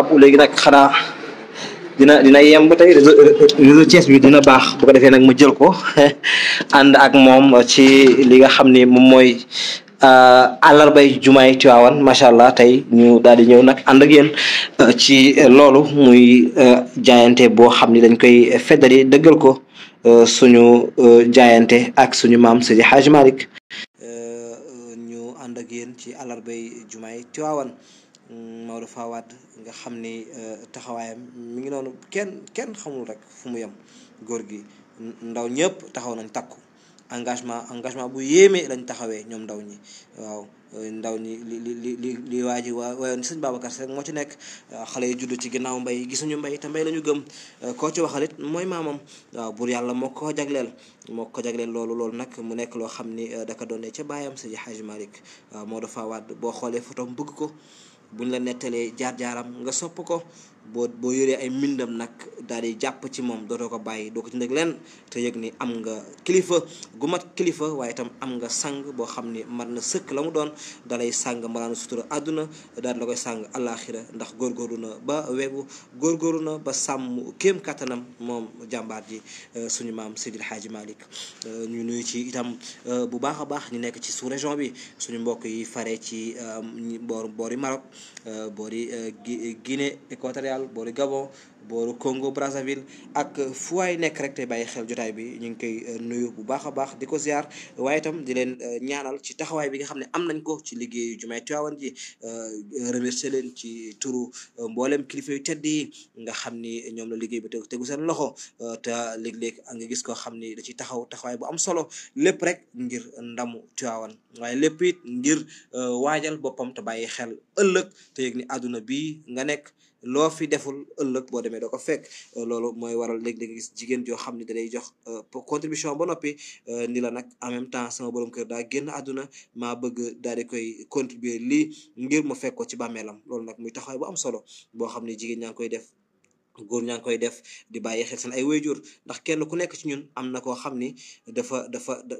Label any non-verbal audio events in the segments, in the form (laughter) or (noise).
waaw léegi nag xanaa dina dina yemb tey réseau réseau Thiès bi dina baax bu ko defee nag mu jël ko (laughs) ànd ak moom ci li nga xam ni moom mooy euh, àllarbay jumaay Tiwaawan macha allah tey ñu daal di ñëw nag ànd ak yéen euh, ci loolu muy euh, jaayante boo xam ni dañ koy feddali dëggal ko suñu jaayante ak suñu maam Seydi Hadj Malick ñu ànd ak yéen ci àllarbay jumaay Tiwaawan Maodo Fawad. nga xam ni euh, taxawaayam mu ngi noonu kenn kenn xamul rek fu mu yem góor gi ndaw ñëpp taxaw nañ takku engagement engagement bu yéemee lañ taxawee ñoom ndaw ñi waaw euh, ndaw ñi li li li li li waa ji waa wayoon sëñ Babacar rek moo ci nekk xale yu judd ci ginnaaw mbay gisuñu mbay mbay la ñu gëm euh, koo ci waxalit mooy maamam waaw buur yàlla moo ko jagleel moo ko jagleel loolu loolu nag mu nekk loo xam ni daka doonee ca baayam sëñ Hadji Malick moo dafa waat boo xoolee photom bëgg ko buñ la nettalee jaar-jaaram nga sopp ko boo boo yoree ay mbindam nag daal di jàpp ci moom dootoo ko bàyyi doo ko ci nekk lenn te yëg ni am nga kilifa gu mat kilifa waaye itam am nga sang boo xam ni man na sëkk la mu doon dalay sàng malaanu sutura àdduna daal la koy sàng àllaaxira ndax góorgóorlu na ba wegu góorgóorlu na ba sàmm kéem kattanam moom jàmbaar ji euh, suñu maam Seydil Hadji Malick euh, ñu nuyu ci itam euh, bu baax a baax ñu nekk ci sous région bi suñu mbokk yi fare ci boor boori Maroc Eh, boori eh, Guinée équatoriale boori Gabon booru Congo Brazzaville ak fu waay nekk rek te bàyyi xel jotaay bi ñu ngi koy euh, nuyu bu baax a baax di ko ziar waaye itam di leen euh, ñaanal ci taxawaay bi nga xam ne am nañ ko ci liggéeyu jumaay Tiwaawan ji euh, remercier leen ci turu mboolem kilifa yu tedd yi nga xam ni ñoom la liggéey bi te tegu seen loxo te léeg nga gis koo xam ni da ci taxaw taxawaay bu am solo lépp rek ngir ndamu Tiwaawan waaye lépp ngir waajal boppam te bàyyi xel ëllëg te yëg ni àdduna bii nga nekk loo fi deful ëllëg boo demee doo ko fekk euh, loolu mooy waral léeg-léeg jigéen joo xam ne da lay jox euh, contribution ba noppi euh, ni la nag en même temps sama borom kër daa génn àdduna maa bëgg daal di koy contribuer lii ngir mu fekk ko ci bàmmeelam loolu nag muy taxawaay bu am solo boo xam ne jigéen ñaa ngi koy def góor ñaa ngi koy def di bàyyi xel seen ay wayjur ndax kenn ku nekk ci ñun am na koo xam ni dafa dafa da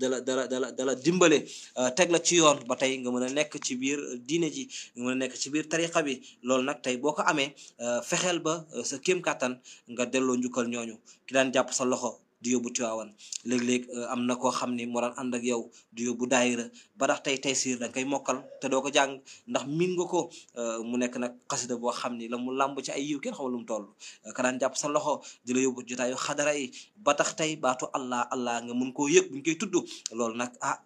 dala dala dala dala dimbale euh, teg la ci yoon ba tey nga mën a nekk ci biir diine ji nga mën a nekk ci biir tariqa bi loolu nag tey boo ko amee euh, fexeel ba euh, sa kéem kàttan nga delloo njukkal ñooñu ki daan jàpp sa loxo di yóbbu Tiwaawan léeg-léeg euh, am na koo xam ni moo daan ànd ak yow di yóbbu daayira ba tax tey tey siir danga koy mokkal te doo ko jàng ndax miin nga ko euh, mu nekk nag xasida boo xam ni la mu làmb ci ay yiw kenn xamul lu mu toll euh, ka daan jàpp sa loxo di la yóbbu jotaayu xadara yi ba tax tey baatu allah allah nga mun koo yëg buñ koy tudd loolu nag ah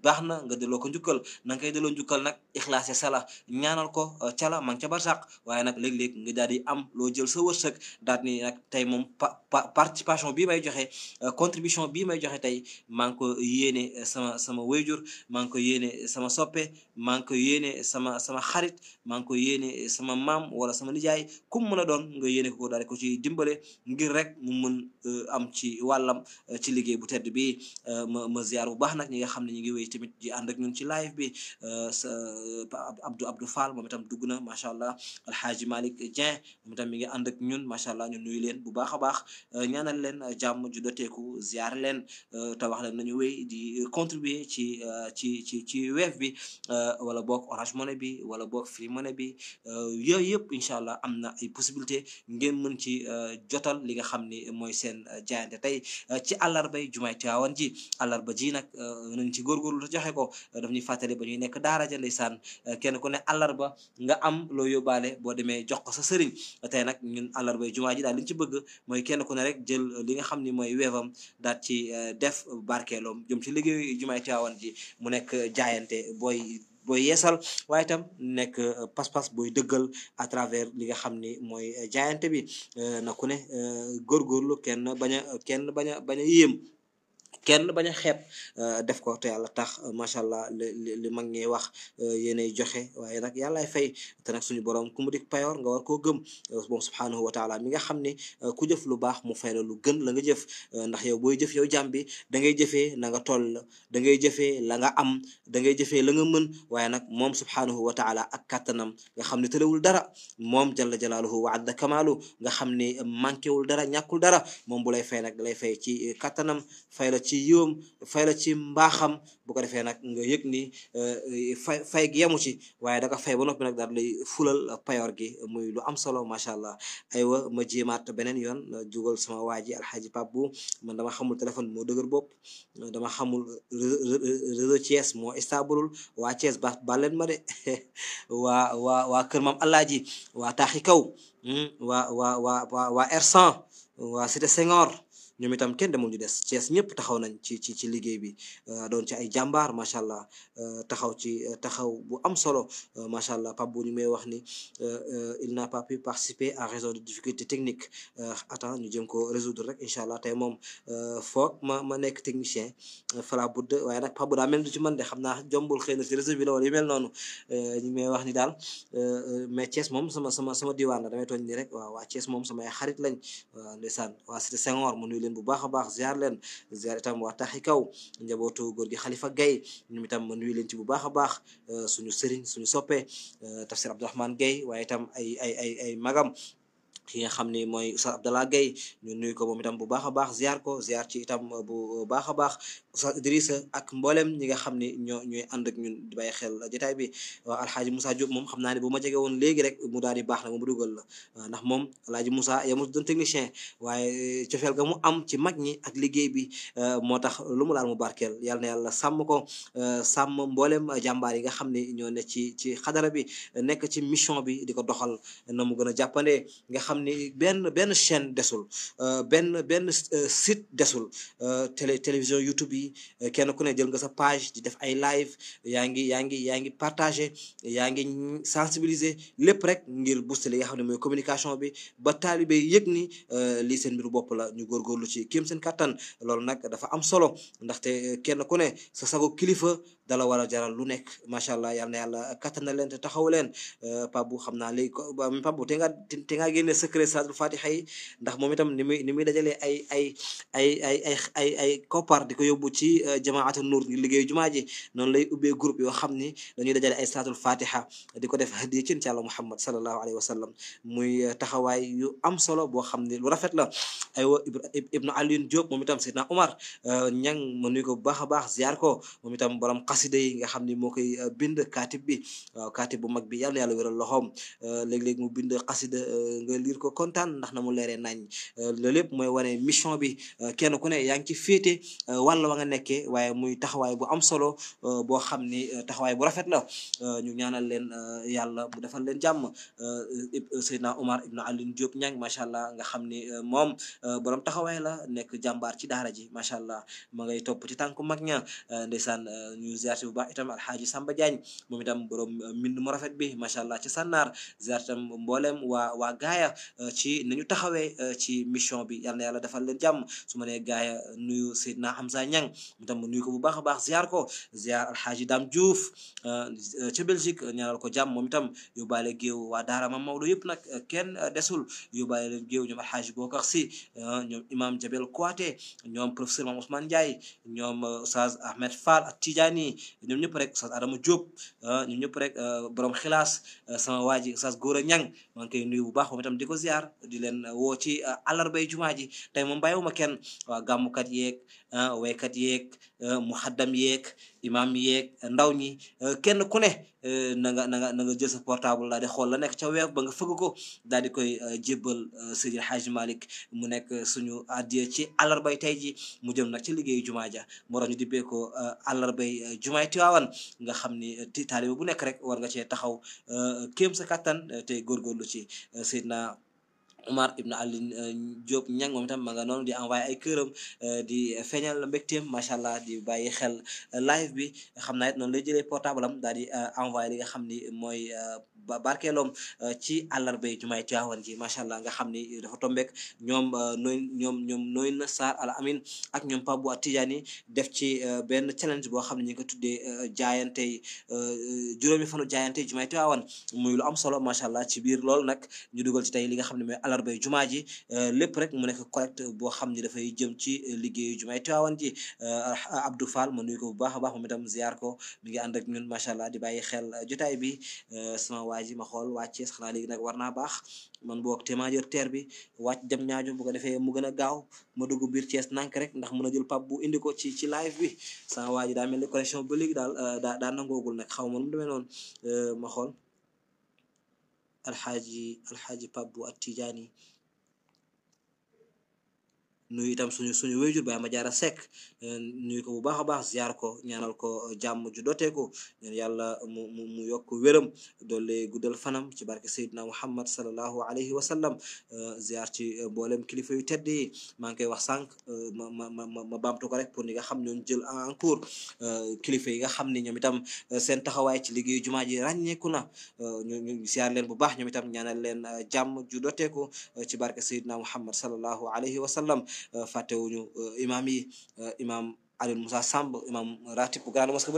baax na nga delloo ko njukkal nan kay koy delloo njukkal nag ixlaase sala ñaanal ko cala ma ngi ca barsàq waaye nag léeg-léeg nga daal di am loo jël sa wërsëg daal ni joxe euh, contribution bii may joxe tey maa ngi ko yéene sama sama wayjur maa ngi ko yéene sama soppe maa ko yéene sama sama xarit maa ko yéene sama maam wala sama nijaay kum mën a doon nga yéene ko daal ko ci dimbale ngir rek mu mën euh, am ci wàllam euh, ci liggéey bu tedd bi ma ma ziar bu baax nag ñi nga xam ne ñu ngi wéy tamit di ànd ak ci live bi sa Abdou Abdou Fall moom itam dugg na macha allah Alxaaji ngi ànd ak ñun macha allah ñu nuyu leen bu baax a baax ñaanal leen jàmm mujj doteeku ziar leen euh, te wax leen nañu wéy di ci euh, ci ci ci Wave bi euh, wala boog Orange Money bi wala boog Free Money bi yooyu yëpp incha allah am na ay possibilité ngeen mën ci jotal li nga xam ni mooy seen jaayante tey ci àllarbay jumaay Tiwaawan ji àllarba ji nag nañ ci góorgóorlu te joxe ko daf ñuy fàttali ba ñuy nekk daara ja ndeysaan kenn ku ne àllarba nga am loo yóbbaale boo demee jox ko sa sëriñ tey nag ñun àllarbay ji daal li nga xam ni ni mooy weefam daat ci eh, def barkeeloom jëm ci liggéeyu jumay Tiwaawan ji mu nekk jaayante booy booy yeesal waaye itam nekk eh, pas-pas booy dëggal à travers li nga xam ni mooy eh, jaayante bi na ku ne góorgóorlu kenn bañ a kenn bañ a bañ a yéem kenn bañ a xeeb euh, def ko te a tax euh, macha allah li mag ñi wax euh, yéenay joxe waaye nag yàllaay fay te nag suñu borom ku mu dik payoor nga war koo gëm moom subhaanahu wa taala mi nga xam ni ku jëf lu baax mu fay lu gën la nga jëf ndax yow booy jëf yow jàmm bi da ngay jëfee na nga toll da ngay jëfee la nga am da ngay jëfee la nga mën waaye nag moom subhaanahu wa taala ak kàttanam nga xam ne tëlewul dara moom jalla jalaaluhu wa adda kamaalu nga xam ni manqué wul dara ñàkkul dara moom bu lay fay nag lay fay ci kàttanam fay la ci ci yiwam fay la ci mbaaxam bu ko defee nag nga yëg ni euh, fay fay gi yemu ci waaye da ko fay ba noppi nag daal lay fulal payoor gi muy lu am solo macha allah aywa ma jéemaat beneen yoon jugal sama waa ji alxaaji Pape bu man dama xamul téléphone moo dëgër bopp dama xamul réseau Thiès moo istabalul waa Thiès ba baleen ma de (laughs) hmm, waa waa waa waa waa waa waa waa R100 waa Cité Senghor ñoom itam kenn demul ñu nañ ci ci ci liggéey bi euh, doon ci ay jàmbaar macha allah euh, taxaw ci euh, taxaw bu am solo macha allah Pape bu ñu may wax ni il n'a pas pu participer à raison de difficultés techniques attends ñu jëm ko résoudre rek incha allah tey moom foog ma ma nekk technicien fala budd waaye nag Pape daa mel du ci man de xam naa jombul xëy si réseau bi la woon yu mel noonu wax ni daal mais Thiès moom sama sama sama diwaan la damay tooñ ni rek waaw waa Thiès moom samay xarit lañ waaw ndeysaan mu nuyu bu baax a baax ziar leen ziar itam waa taaxi kaw njabootu góor gi xalifa gay ñoom itam ma nuyu leen ci bu baax a baax euh, suñu sëriñ suñu soppe euh, tafsir abdourahmane gay waaye itam ay ay ay ay magam ki nga xam ni mooy Oustaz Abdallah Gaye ñu ko moom itam bu baax a baax ziar ko ziar ci itam bu baax a baax Oustaz Idrissa ak mbooleem ñi nga xam ni ñoo ñooy ànd ak ñun bàyyi xel jotaay bi waaw alxaaji Moussa Diop moom xam naa ne bu ma jege woon léegi rek mu daal di baax na moom dugal la ndax moom alxaaji Moussa yamu doon technicien waaye eh, cofeel ga mu am ci mag ñi ak liggéey bi eh, moo tax lu mu laal mu barkeel yàlla na yàlla sàmm ko eh, sàmm mboolem jàmbaar yi nga xam ni ñoo ne ci ci xadara bi nekk ci mission bi di ko doxal na gën a jàppandee nga xam ni benn benn chaîne desul euh, benn benn euh, site desul euh, télé télévision YouTube yi kenn ku ne jël nga sa page di def ay live yaa ngi yaa ngi yaa ngi partagé yaa ngi sensibiliser lépp rek ngir booster li nga xam ne mooy communication bi ba taalibe yëg ni lii seen mbiru bopp la ñu góorgóorlu ci kéem seen kattan loolu nag dafa am solo ndaxte kenn ku ne sa sago kilifa dala war a jaral lu nekk macha allah yal na yàlla kattan leen te taxaw leen Pape bu xam naa léegi Pape te nga te nga secret Saadul Fatiha yi ndax moom itam ni muy ni muy dajalee ay ay ay ay ay ay ay di ko yóbbu ci euh, jamaatu nuur ngir liggéeyu jumaa ji noonu lay ubbee groupe yoo xam ni dañuy dajale ay Saadul Fatiha di ko def hadiya ci Yàlla Muhammad sallallahu alayhi wa sallam muy euh, taxawaay yu am solo boo xam ni lu rafet la aywa Ibnu Alioune Diop moom itam Seydina Omar ñang euh, ma nuyu ko bu baax a baax ziar ko moom itam borom xasida yi nga xam ni moo koy bind kaatib bi waaw kaatib bu mag bi yàlla yàlla wéral mu bind xasida biir ko kontaan ndax na mu leeree nañ euh, loolu lépp mooy wane mission bi euh, kenn ku ne yaa ngi ci féete euh, wàll wa nga nekkee waaye muy taxawaay bu am solo boo xam ni taxawaay bu rafet la ñu ñaanal leen yàlla mu defal leen jàmm Seydina Omar Ibn Alioune Diop ñang macha allah nga xam ni moom borom taxawaay la nekk jàmbaar ci daara ji macha allah ma ngay topp ci tànku mag ña ndeysaan nu ziyaar bu ba itam alxaaji Samba Diagne moom itam borom mbind mu rafet bi macha allah ci sànnaar ziyaar itam mboolem waa waa gaaya Euh, ci ñu taxawee euh, ci mission bi yal na yàlla defal leen jàmm su ma nee gaay euh, nuyu na Hamza Niang mu tam nuyu ko bu baax a baax ziar ko ziar alxaaji Dame Diouf ca Belgique ñaanal ko jàmm moom itam yóbbaale géew waa daara Mame Maodo yëpp nag kenn desul yóbbaale leen géew ñoom alxaaji Bokar Si ñoom imam Jabel Kouaté ñoom professeur Mame Ousmane Ndiaye ñoom Oustaz Ahmed Fall ak Tidiane ñoom ñëpp rek Oustaz Adama Diop ñëpp rek borom xilaas sama waaji ji Oustaz Gora maa ngi nuyu bu baax moom itam di ko ziar uh, woo ci uh, àllarbay jumaa ji tey moom bàyyiwuma kenn waa uh, gàmmukat yeeg waykat yeeg muhaddam yeeg imaam yeeg ndaw ñi kenn ku ne na nga na na nga jël sa portable daal di xool la nekk ca weer ba nga fëgg ko daal di koy jébbal Sëriñ Haaji Malick mu nekk suñu addiya ci àllarbay tey ji mu jëm nag ci liggéey jumaa ja moo tax ñu dibbee ko àllarbay jumaay Tiwaawan nga xam ni ti taaliba bu nekk rek war nga cee taxaw kéem sa kattan tey góorgóorlu ci euh, Seydina Omar Ibn Alioune euh, Diop ñang moom itam ma nga noonu di envoyé ay këram euh, di feeñal mbégteem macha allah di bàyyi xel live bi xam naa it noonu la jëlee portable am daal di envoyé li nga xam ni mooy barkeeloom euh, ci àllarbay jumaay Tiwaawan ji macha allah nga xam ni dafa tombeek ñoom euh, nooy ñoom ñoom nooy na Sarr Al Amin ak ñoom Pape Bouba Tidiane def ci euh, benn challenge boo xam ne ñu ngi ko tuddee jaayantey juróomi fanu jaayantey jumaay Tiwaawan muy lu am solo macha allah ci biir loolu nag ñu dugal ci tey li nga xam ne mooy àllarbay jumaa ji lépp rek mu nekk correct boo xam ni dafay jëm ci liggéeyu jumaay Tiwaawan ji Abdou Fall ma nuy ko bu baax a baax moom itam ziar ko mi ngi ànd ak ñun allah di bàyyi xel jotaay bi sama waay ji ma xool waa Thiès xanaa léegi nag war naa baax man boo téemaa jor teer bi wàcc jam ñaajo bu ko defee mu gën a gaaw ma dugg biir Thiès nank rek ndax mën a jul pap bu indi ko ci ci live bi sama waaj ji daa mel ni connexion ba léegi daal euh, daa daa nangoogul nag xaw ma nu mu demee noonu euh, ma xool alxaaji alxaaji pap bu ak Tijaani nuyu itam suñu suñu wéyjur Baye Madiara Seck eh, nuyu ko bu baax a baax ziar ko ñaanal ko eh, jàmm ju dooteeku ñaan yàlla mu mu mu yokk wéram doole guddal fanam ci barke Seydina Muhammad sallallahu alayhi wa sallam eh, ziar ci mboolem kilifa yu tedd yi maa ngi koy wax sànq ma ma ma ma baamtu ko rek pour ñi nga xam ñoon jël en cours kilifa yi nga xam ni ñoom itam seen taxawaay ci liggéeyu jumaa ji ràññeeku na ñu ñu ziar leen bu baax ñoom itam ñaanal leen jàmm ju dooteeku ci barke Seydina Muhammad sallallahu alayhi wa sallam fàttewuñu euh, imam yi euh, imam Aliou Moussa Samb imam ratib bu grande mosquée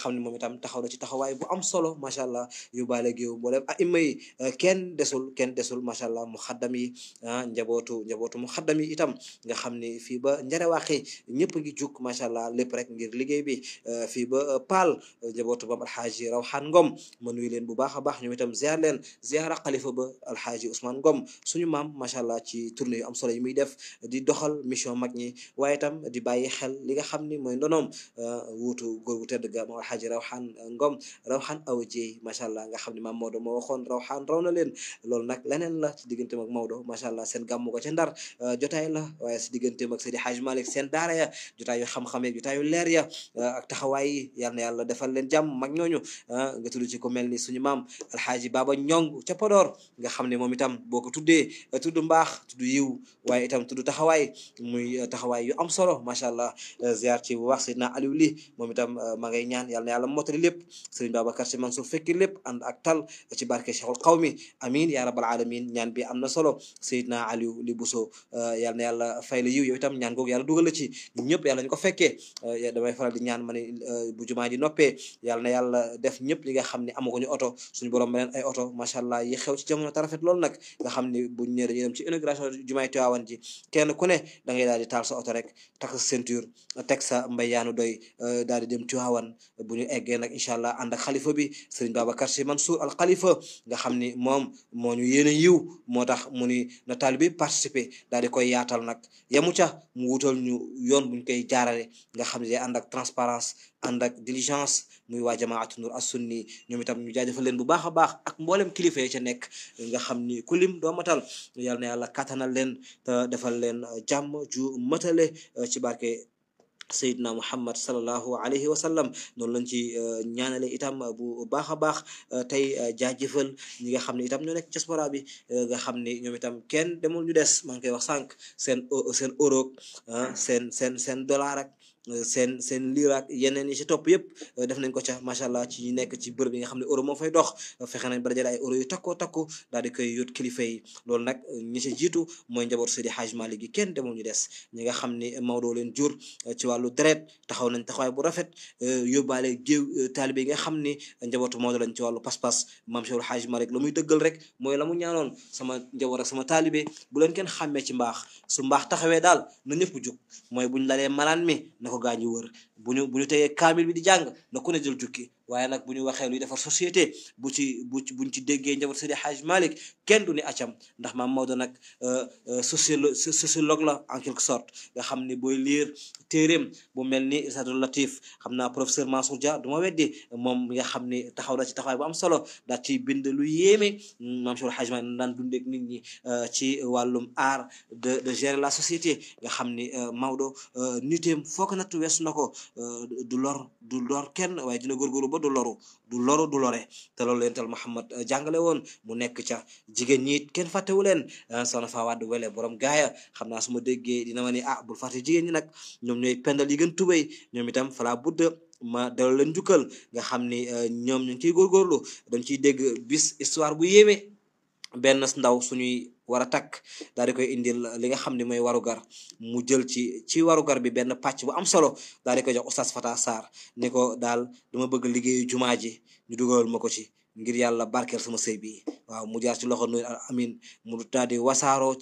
xam ne moom itam taxaw na ci taxawaay am solo macha allah yu baale géew mboolem ah imma yi eh, kenn desul kenn desul macha allah mu xaddam yi ah njabootu njabootu mu xaddam yi itam nga xam ni fii ba njarewaaxi ñëpp ngi jug macha allah lépp rek ngir liggéey bi eh, fii ba eh, paal njabootu bam alxaaji Rawxaan ngoom ma nuy leen bu baax a baax ñoom itam ziar leen ziara xalifa ba alxaaji Ousmane Ngom suñu maam macha allah ci tournée yu am solo yi muy def di doxal mission mag ñi waaye di bàyyi xel nga xam ni mooy ndonoom euh, wuutu góor gu tedd ga moo alxaaji rawxaan ngom rawxaan aw jeey macha allah nga xam ne maam Maodo moo waxoon rawxaan raw na leen loolu nag leneen la ci digganteem ak Maodo macha allah seen gàmmu ko ca ndar euh, jotaay la waaye si digganteem ak Seydi Hajj Malick seen daara ya xam-xam yeeg jotaay leer ya euh, ak taxawaay yal na yàlla defal leen jàmm mag ñooñu nga tudd ci ko mel ni suñu maam alxaaji baaba ñong ca Podor nga xam ne moom itam boo ko tuddee tuddu mbaax tudd yiw waaye itam tudd taxawaay muy taxawaay yu am solo macha allah ziar ci bu wax Seydina Aliou Ly moom itam euh, ma ngay ñaan yàlla na yàlla mottali lépp Serigne Babacar Sy Mansour fekki lépp ànd ak tal ci barke Cheikhul Qawmi amin ya rabbal alamin ñaan bi am na solo Seydina euh, na yàlla fay la yiw yow itam ñaan googu yàlla dugal la ci ñun ñëpp yàlla ñu ko fekkee euh, damay faral di ñaan bu jumaa ji noppee yàlla na yàlla def ñëpp li nga xam ni ne amaguñu oto suñu borom ma leen ay oto macha allah yi xew ci jamono tarafet loolu nag nga xam ne buñ ñëwee dañuy ci inauguration teg sa mbayaanu doy euh, daal di dem Tiwaawan bu ñu eggee nag incha allah ànd ak xalifa bi sëriñ Babacar Sy Mansour al xalifa nga xam ni moom moo ñu yéene yiw moo tax mu ni na taalibe bi participer daal di koy yaatal nag yamu ca mu wutal ñu yoon buñ koy jaarale nga xam ne day ànd ak transparence ànd ak diligence muy waa jamaatu nur as-sunni ñoom itam ñu jaajëfal leen bu baax a baax ak mboolem kilifa yi ca nekk nga xam ni ku lim doo matal yal na yàlla kattanal leen sayidna muhammad salallahu alayhi wa sallam noonu lañ ci euh, ñaanale itam bu baax a baax euh, tey euh, jaajëfal ñi nga xam ne itam ñoo nekk diaspora bi nga xam ni ñoom itam kenn demul ñu des maa ngi koy wax sànq seen seen euro ah, seen seen seen dollar seen seen liiraak yeneen yi ci topp yëpp euh, def nañ ko ca allah ci nekk ci bërëb yi nga xam ne euro moo fay dox euh, fexe nañ ba dajale ay euro yu takkoo takku daal di koy yóot kilifa euh, gi kenn demul ñu des ñi nga xam ni Maodo leen jur ci wàllu deret taxaw nañ taxawaay bu rafet yóbbaale géew taalibe yi nga xam ni njabootu Maodo lañ ci wàllu pas-pas maam Cheikh Hadj Malick la muy dëggal rek mooy la mu ñaanoon sama njaboot ak sama taalibe bu leen kenn xàmmee ci mbaax su mbaax taxawee daal na ñëpp jug mooy buñ lalee malaan mi ko gaa ñi wër bu ñu bu ñu tegee kaamil bi di jàng na ku ne jël jukki waaye nag bu ñu waxee luy defar société bu ci bu ci buñ ci déggee njaboot Seydi Hajj Malick kenn du ni acam ndax maam Maodo nag euh, euh, sociolo sociologue la en quelque sorte nga xam ni booy liir téeréem bu mel ni Sadul Latif xam naa professeur Mansour Dia du ma weddi moom nga xam ni taxaw na ci taxawaay ba am solo daa ci bind lu yéeme maam Seydi Hajj daan dundeek nit ñi euh, ci wàllum art de de la societé nga xam ni Maodo nitéem foo ko nattu weesu na ko Euh, du lor du lor kenn waaye dina góorgóorlu ba du loru du loru du lore te loolu yental Muhammad euh, jàngale woon mu nekk ca jigéen ñi kenn fàttewu leen euh, soxna Fawade Wele borom gaaya xam naa su ma déggee dina ma ni ah bul fàtte jigéen ñi nag ñoom ñooy pendal yi gën tubéy ñoom itam fala budd ma dal leen jukkal nga xam ni ñoom ñu ngi ciy góorgóorlu dañ ciy dégg bis histoire bu yéeme benn ndaw suñuy war a takk daal koy indi li nga xam ne mooy warugar mu jël ci ci warugar bi benn pàcc bu am solo daal di koy jox oustaz Fata Sarr ni ko daal dama bëgg liggéeyu jumaa ji ñu dugalal ma ko ci ngir yàlla barkeel sama sëy bi waaw mu jaar ci loxo Nour al Amin mu daal di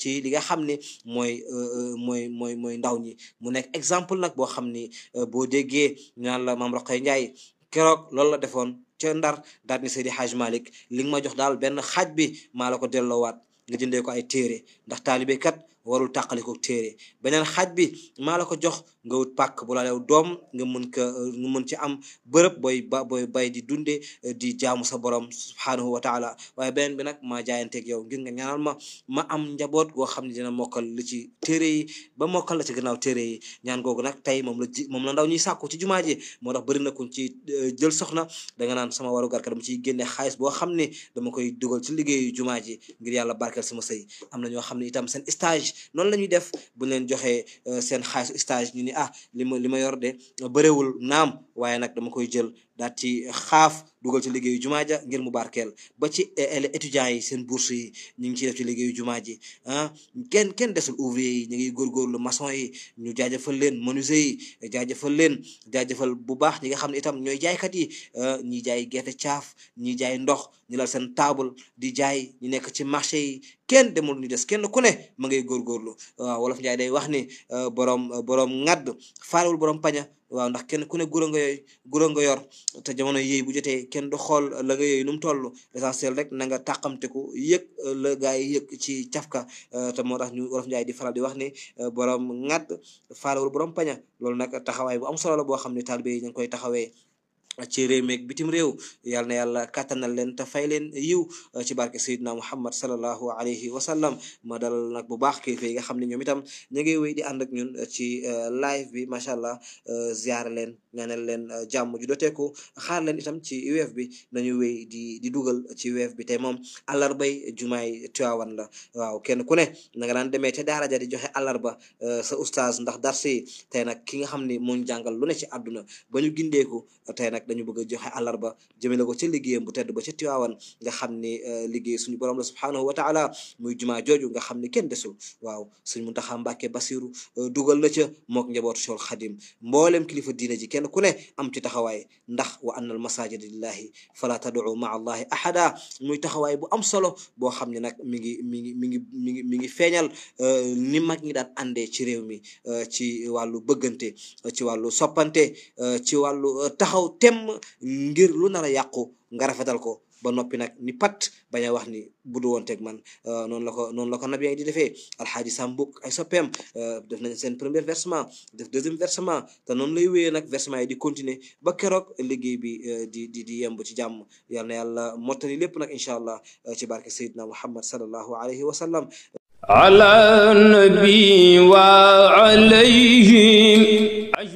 ci li nga xam ne mooy euh, mooy mooy mooy ndaw ñi mu nekk exemple nag boo xam ni euh, boo déggee ñu naan la maam Roqay Njaay keroog loolu la defoon ca ndar daal ni Seydi Hadj Malick li nga ma jox daal benn xaaj bi maa la ko delloowaat nga jëndee ko ay téere ndax taalibe kat warul tàqali ko téere beneen xaaj bi maa la ko jox nga wut pàkk bu la lew doom nga mën ko nga mën ci am bërëb booy ba booy bay di dunde di jaamu sa borom subhaanahu wa taala waaye beneen bi nag maa jaayanteeg yow ngir nga ñaanal ma ma am njaboot goo xam ne dana mokkal lu ci téere yi ba mokkal la ci gannaaw téere yi ñaan googu nag tey moom la ji moom la ndaw ñuy sàkku ci jumaa ji moo tax bëri na ko ci eh, jël soxna danga naan sama waru garka dama ciy génne xaalis boo xam ne dama koy dugal ci liggéeyu jumaa ji yàlla barkeel sama sëy noonu la ñuy def bu leen joxee euh, seen xaalis stage ñu ni ah li ma li ma yor de bëriwul naam waaye nag dama koy jël daal ci xaaf dugal ci liggéeyu jumaa ja ngir mu barkeel ba ci eh, eh, étudiants yi seen bourse yi ñu ngi ciy def ci liggéeyu jumaa ji ah kenn kenn desul ouvrier yi ñu ngi góorgóorlu maçon yi ñu jaajëfal leen menuisier yi jaajëfal leen jaajëfal bu baax ñi nga xam ne itam ñooy jaaykat yi ah, ñi jaay gerte caaf ñi jaay ndox ñu lal seen taabal di jaay ñu nekk ci marché yi kenn demul ñu des kenn ku ne ma ngay góorgóorlu waaw ah, wolof njaay wax ni ah, borom borom ŋadd faalewul borom paña waaw ndax kenn ku ne gura nga yooyu gura nga yor te jamono yooyu bu jotee kenn du xool la nga yooyu nu mu toll l'essentiel rek na nga tàqamteku yëg la gaa yi yëg ci cafka euh, te moo tax ñu wolof njaay di faral di wax ni euh, borom ŋàdd faalawul borom paña loolu nag taxawaay bu am solo la boo xam ne taalibe yi ñu ngi koy taxawee ci réew meeg bitim réew yàlla na yàlla kàttanal leen te fay leen yiw uh, ci barke Seydina Muhammad salallahu alayhi wa sallam ma dalal nag bu baax ki yi nga xam ne ñoom itam ñu ngi wéy di ànd ak ñun uh, ci uh, live bi macha allah ziar leen ñaanal leen jàmm ju doteeku xaar leen itam ci weef bi nañu wéy di di dugal ci weef bi te moom àllarbay jumaay Tiwaawan la waaw kenn ku ne na nga daan demee te daara ja di joxe àllarba sa oustaz ndax darsi tey nag ki nga xam ni moo ñu jàngal lu ne ci àdduna ba rek dañu bëgg a joxe àllarba jëmale ko ca liggéeyam bu ba ca Tiwaawan nga xam ni euh, liggéey suñu borom la subhaanahu wa taala muy jumaa jooju nga xam ni kenn desul waaw suñ Muntaxa Mbàkke Basiru euh, dugal na ca mook njabootu Seexul Xadim kilifa diina ji kenn ku ne am ci taxawaay ndax wa anna al masajida lillahi fala tad'u ma allahi ahada muy taxawaay bu am solo boo xam ne nag mi ngi mi ngi mi ngi mi ngi mi ngi feeñal euh, ni mag ñi daan àndee ci réew mi ci wàllu bëggante ci wàllu soppante ci wàllu taxaw teew temm ngir lu nar a yàqu nga rafetal ko ba noppi nag ni pat bañ a wax ni budu woon teg man euh, noonu la ko noonu la ko nabi ay di defee alxaaji sambuk ay soppeem euh, def nañ seen premier versement te noonu lay wéyee nag versement yi di continuer ba keroog liggéey bi euh, di di di yemb ci jàmm yal yàlla mottali lépp nag incha allah ci barke sayidna muhammad sallallahu alayhi wa sallam ala nabi wa alayhim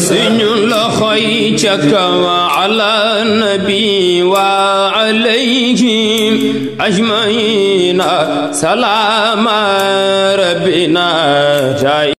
suñu loxoy ca kaw ala nabi wa alayhim ajmaina salaama rabbina